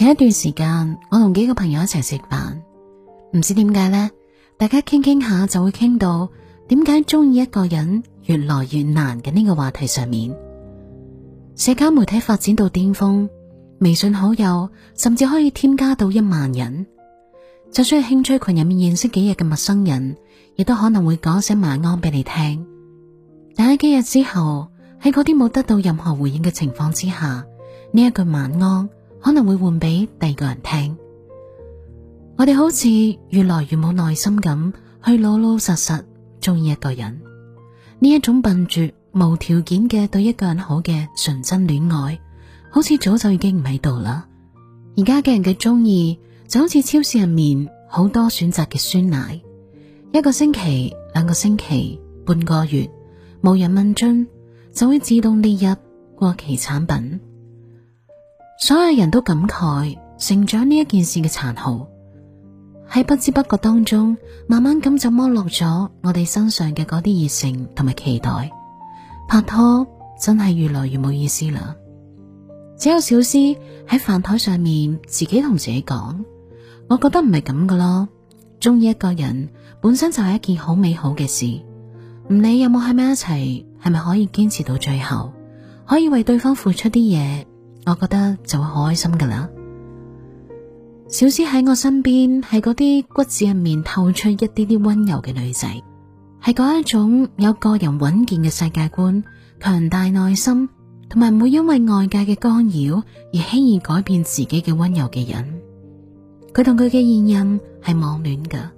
前一段時間，我同幾個朋友一齊食飯，唔知點解咧，大家傾傾下就會傾到點解中意一個人越來越難嘅呢個話題上面。社交媒體發展到巔峰，微信好友甚至可以添加到一萬人，就算係興趣群入面認識幾日嘅陌生人，亦都可能會講一聲晚安俾你聽。但喺幾日之後，喺嗰啲冇得到任何回應嘅情況之下，呢一句晚安，可能會換俾第二個人聽，我哋好似越來越冇耐心咁去老老實實中意一個人。呢一種笨拙無條件嘅對一個人好嘅純真戀愛，好似早就已經唔喺度啦。而家嘅人嘅中意就好似超市入面好多選擇嘅酸奶，一個星期、兩個星期、半個月，無人問津就會自動列入過期產品。所有人都感慨成長呢一件事嘅殘酷，喺不知不覺當中，慢慢咁就剝落咗我哋身上嘅嗰啲熱誠同埋期待。拍拖真係越來越冇意思啦！只有小詩喺飯台上面自己同自己講：我覺得唔係咁噶咯，中意一個人本身就係一件好美好嘅事，唔理有冇喺埋一齊，係咪可以堅持到最後，可以為對方付出啲嘢。我覺得就會好開心噶啦。小詩喺我身邊係嗰啲骨子入面透出一啲啲溫柔嘅女仔，係嗰一種有個人穩健嘅世界觀、強大內心，同埋唔會因為外界嘅干擾而輕易改變自己嘅溫柔嘅人。佢同佢嘅現任係網戀噶。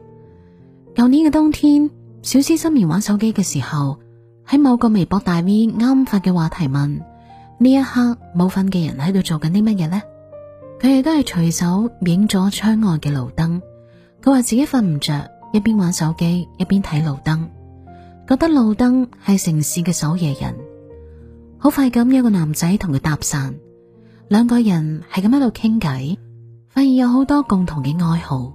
舊年嘅冬天，小詩失眠玩手機嘅時候，喺某個微博大 V 啱發嘅話題問。呢一刻冇瞓嘅人喺度做緊啲乜嘢呢？佢亦都係隨手影咗窗外嘅路燈。佢話自己瞓唔着，一邊玩手機一邊睇路燈，覺得路燈係城市嘅守夜人。好快咁，有個男仔同佢搭訕，兩個人係咁喺度傾偈，發現有好多共同嘅愛好，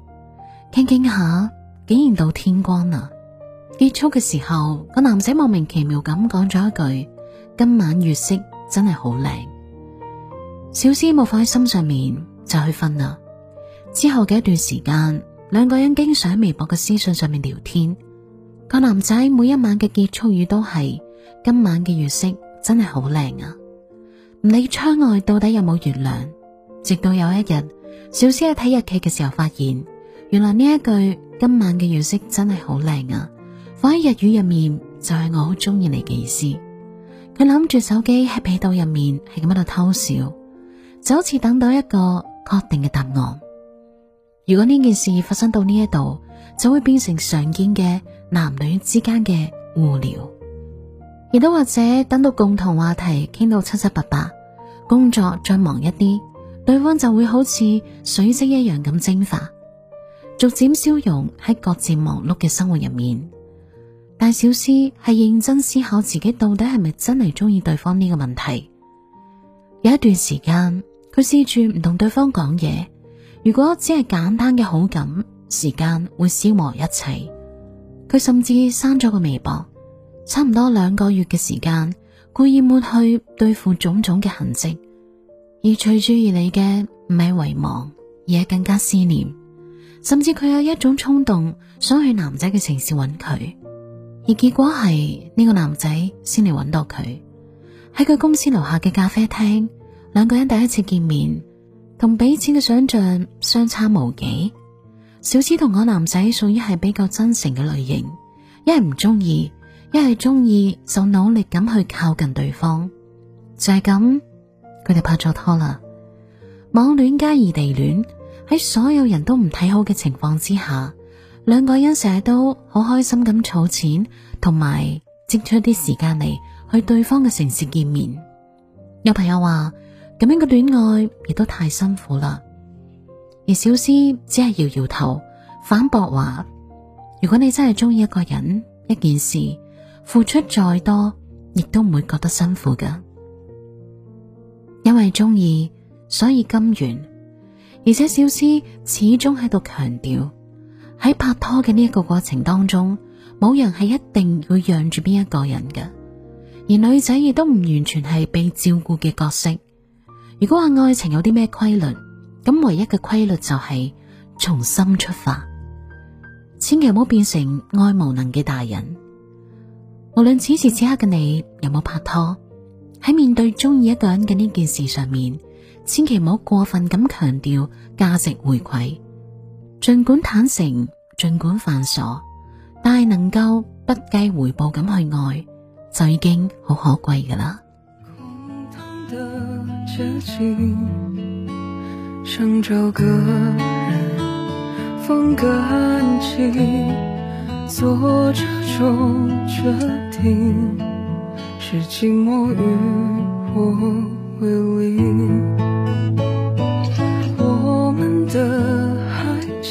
傾傾下竟然到天光啦。結束嘅時候，個男仔莫名其妙咁講咗一句：今晚月色，真係好靚，小詩冇放喺心上面就去瞓啦。之後嘅一段時間，兩個人經常喺微博嘅私信上面聊天。個男仔每一晚嘅結束語都係今晚嘅月色真係好靚啊！唔理窗外到底有冇月亮。直到有一日，小詩喺睇日劇嘅時候發現，原來呢一句今晚嘅月色真係好靚啊，放喺日語入面就係、是、我好中意你嘅意思。佢諗住手機喺被度入面係咁喺度偷笑，就好似等到一個確定嘅答案。如果呢件事發生到呢一度，就會變成常見嘅男女之間嘅互聊，亦都或者等到共同話題傾到七七八八，工作再忙一啲，對方就會好似水晶一樣咁蒸發，逐漸消融喺各自忙碌嘅生活入面。但小思係認真思考自己到底係咪真係中意對方呢個問題。有一段時間，佢試住唔同對方講嘢。如果只係簡單嘅好感，時間會消磨一切。佢甚至刪咗個微博，差唔多兩個月嘅時間，故意抹去對付種種嘅痕跡。而隨住而嚟嘅唔係遺忘，而係更加思念。甚至佢有一種衝動，想去男仔嘅城市揾佢。而結果係呢個男仔先嚟揾到佢，喺佢公司樓下嘅咖啡廳，兩個人第一次見面，同彼此嘅想象相差無幾。小芝同個男仔屬於係比較真誠嘅類型，一係唔中意，一係中意就努力咁去靠近對方。就係咁，佢哋拍咗拖啦。網戀加異地戀，喺所有人都唔睇好嘅情況之下。兩個人成日都好開心咁儲錢，同埋擠出啲時間嚟，去對方嘅城市見面。有朋友話咁樣嘅戀愛亦都太辛苦啦。而小詩只係搖搖頭反駁話：如果你真係中意一個人一件事，付出再多亦都唔會覺得辛苦噶。因為中意，所以甘願。而且小詩始終喺度強調。喺拍拖嘅呢一個過程當中，冇人係一定要讓住邊一個人嘅，而女仔亦都唔完全係被照顧嘅角色。如果話愛情有啲咩規律，咁唯一嘅規律就係從心出發，千祈唔好變成愛無能嘅大人。無論此時此刻嘅你有冇拍拖，喺面對中意一個人嘅呢件事上面，千祈唔好過分咁強調價值回饋。盡管坦誠，盡管繁瑣，但係能夠不計回報咁去愛，就已經好可貴噶啦。空蕩的街景，想找個人放感情，做這種決定，是寂寞與我為鄰。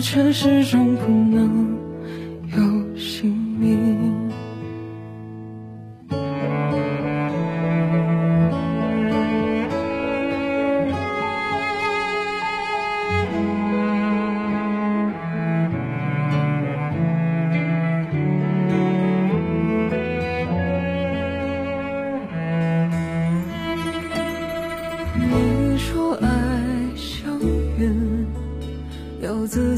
卻始終不能。